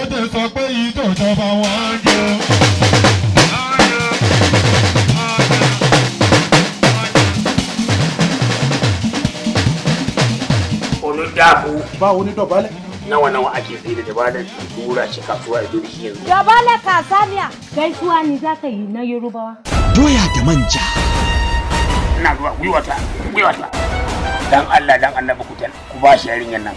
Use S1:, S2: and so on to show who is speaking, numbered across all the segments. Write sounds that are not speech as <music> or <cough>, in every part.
S1: ó tẹ̀ sọ pé yìí tó jọba wọn jẹun. Olu ba wani dọ̀bálẹ̀. Nawa nawa ake sai da dabalar tura shi kasuwa a jirgi yanzu. Dabalar kasaniya. Gaisuwa ne za ka yi na Yorubawa. Doya da manja. Ina zuwa gwiwata, gwiwata. Dan Allah dan Allah ku ba shi yarinyar nan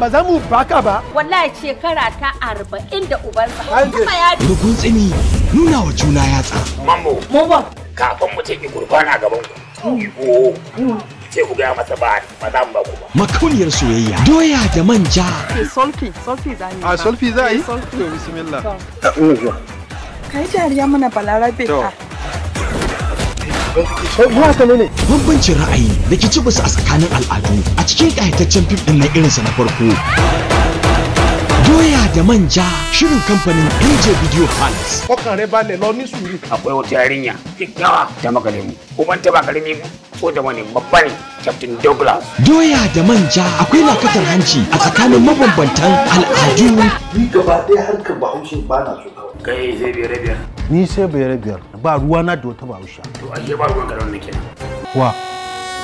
S1: ba za mu baka ba wallahi shekara ta arba'in da ubansa kuma ya rukun tsini nuna wa juna tsa. mambo Mambo. kafin mu ki gurbana gaban ku mm. ko ce mm. ku gaya masa ba ba za mu ba ku ba. Makuniyar soyayya. Doya da manja. Solfi, solfi za ni. A ah, solfi za a yi? Solfi. Bismillah. bismillah. Kai jariya mana balarabe ka. bambancin ra'ayi da ke ci a tsakanin al'adu a cikin ƙayataccen fim ɗin na irinsa na farko doya da manja shirin kamfanin NJ Video Palace. Kokan rai balẹ̀ lọ ní sùúrù. Akwai wata yarinya kyakkyawa ta maka lemu. Uban ta ba mu ko da wani babba ne Captain Douglas. Doya da manja akwai lakatar hanci a tsakanin mabambantan al'adu. Ni gaba ɗaya harkar Bahaushe ba na so kawai. Kai zai biyar biyar. ni sai bayar biyar ba ruwa na da wata bahaushe to ashe ba ruwan garin nake wa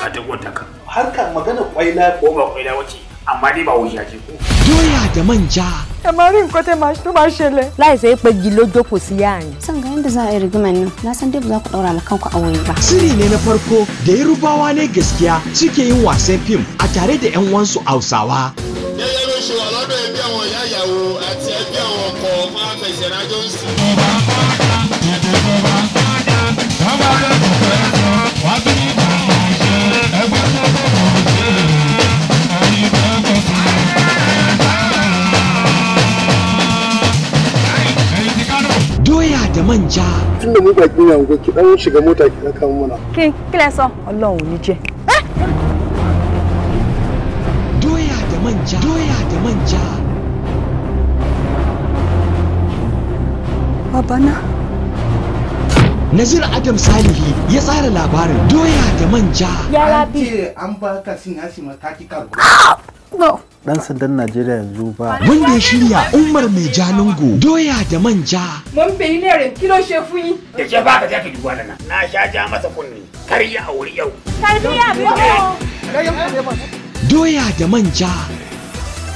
S1: ga duk wata ka harka magana kwaila ko ba kwaila wace amma dai ba wuya ce ko doya da manja kamar rin kote mashi to shele lai sai pe gilo joko si yayin san ga inda za a yi rigimar nan na san dai ba za ku daura ma kanku a waye ba siri ne na farko da yarubawa ne gaskiya suke yin wasan fim a tare da yan wansu hausawa ó ṣe wà lọ́dọ̀ ẹbí àwọn ìyá ìyàwó àti ẹbí àwọn ọkọ máa fẹsẹ̀ rájọ́ ń sìn. ìdìbò bá kọ́ńdà ìdìbò bá kọ́ńdà wọ́n bá fẹ́ sọ wọ́n bí nígbà wọ́n ṣe ẹgbẹ́ tó kọ̀ wọ́n ṣe ẹni fẹ́ kọ̀ fún mi. doya da manja. Tunda muka gina ki dan shiga mota ki kan muna. Ke kila so Ọlọ́run ni jẹ. manja doya da manja babana Nazir Adam Salihi ya tsara labarin doya da manja. Ya rabi. An baka sin asima ta ka ah! No. Dan sandan Najeriya yanzu ba. Wanda ya shirya Umar Mai Jalingo doya da manja. Mun bi ne rin kilo shefu yi. Da ke ba ka take duba nan. Na sha ja masa kunni. Kar ya auri yau. Tarbiya eh. biyo. Doya da manja.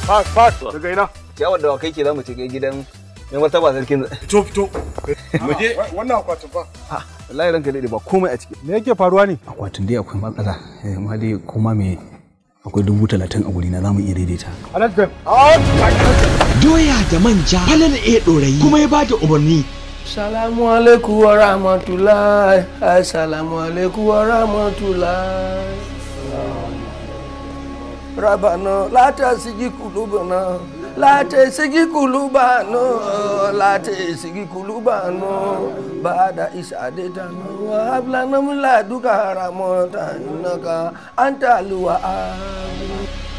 S1: Fak, fak, daga ina. Ciyawar da kai ke za mu ce gidan yan wata ba sarkin fito fito <laughs> mu je ah, wannan akwatin fa wallahi ranka dai ba komai a ciki me yake faruwa ne akwatin dai akwai matsala eh, amma dai kuma me akwai dubu talatin a gurina za mu iya daidaita ah, doya da manja halin iya ɗorayi kuma ya bada umarni Salamu alaikum wa rahmatullahi, assalamu alaikum wa rahmatullahi. ربنا لا تزغ قلوبنا لا تزغ قلوبنا لا تزغ قلوبنا بعد إذ هديتنا وهب لنا من لدنك رحمة إنك أنت الوهاب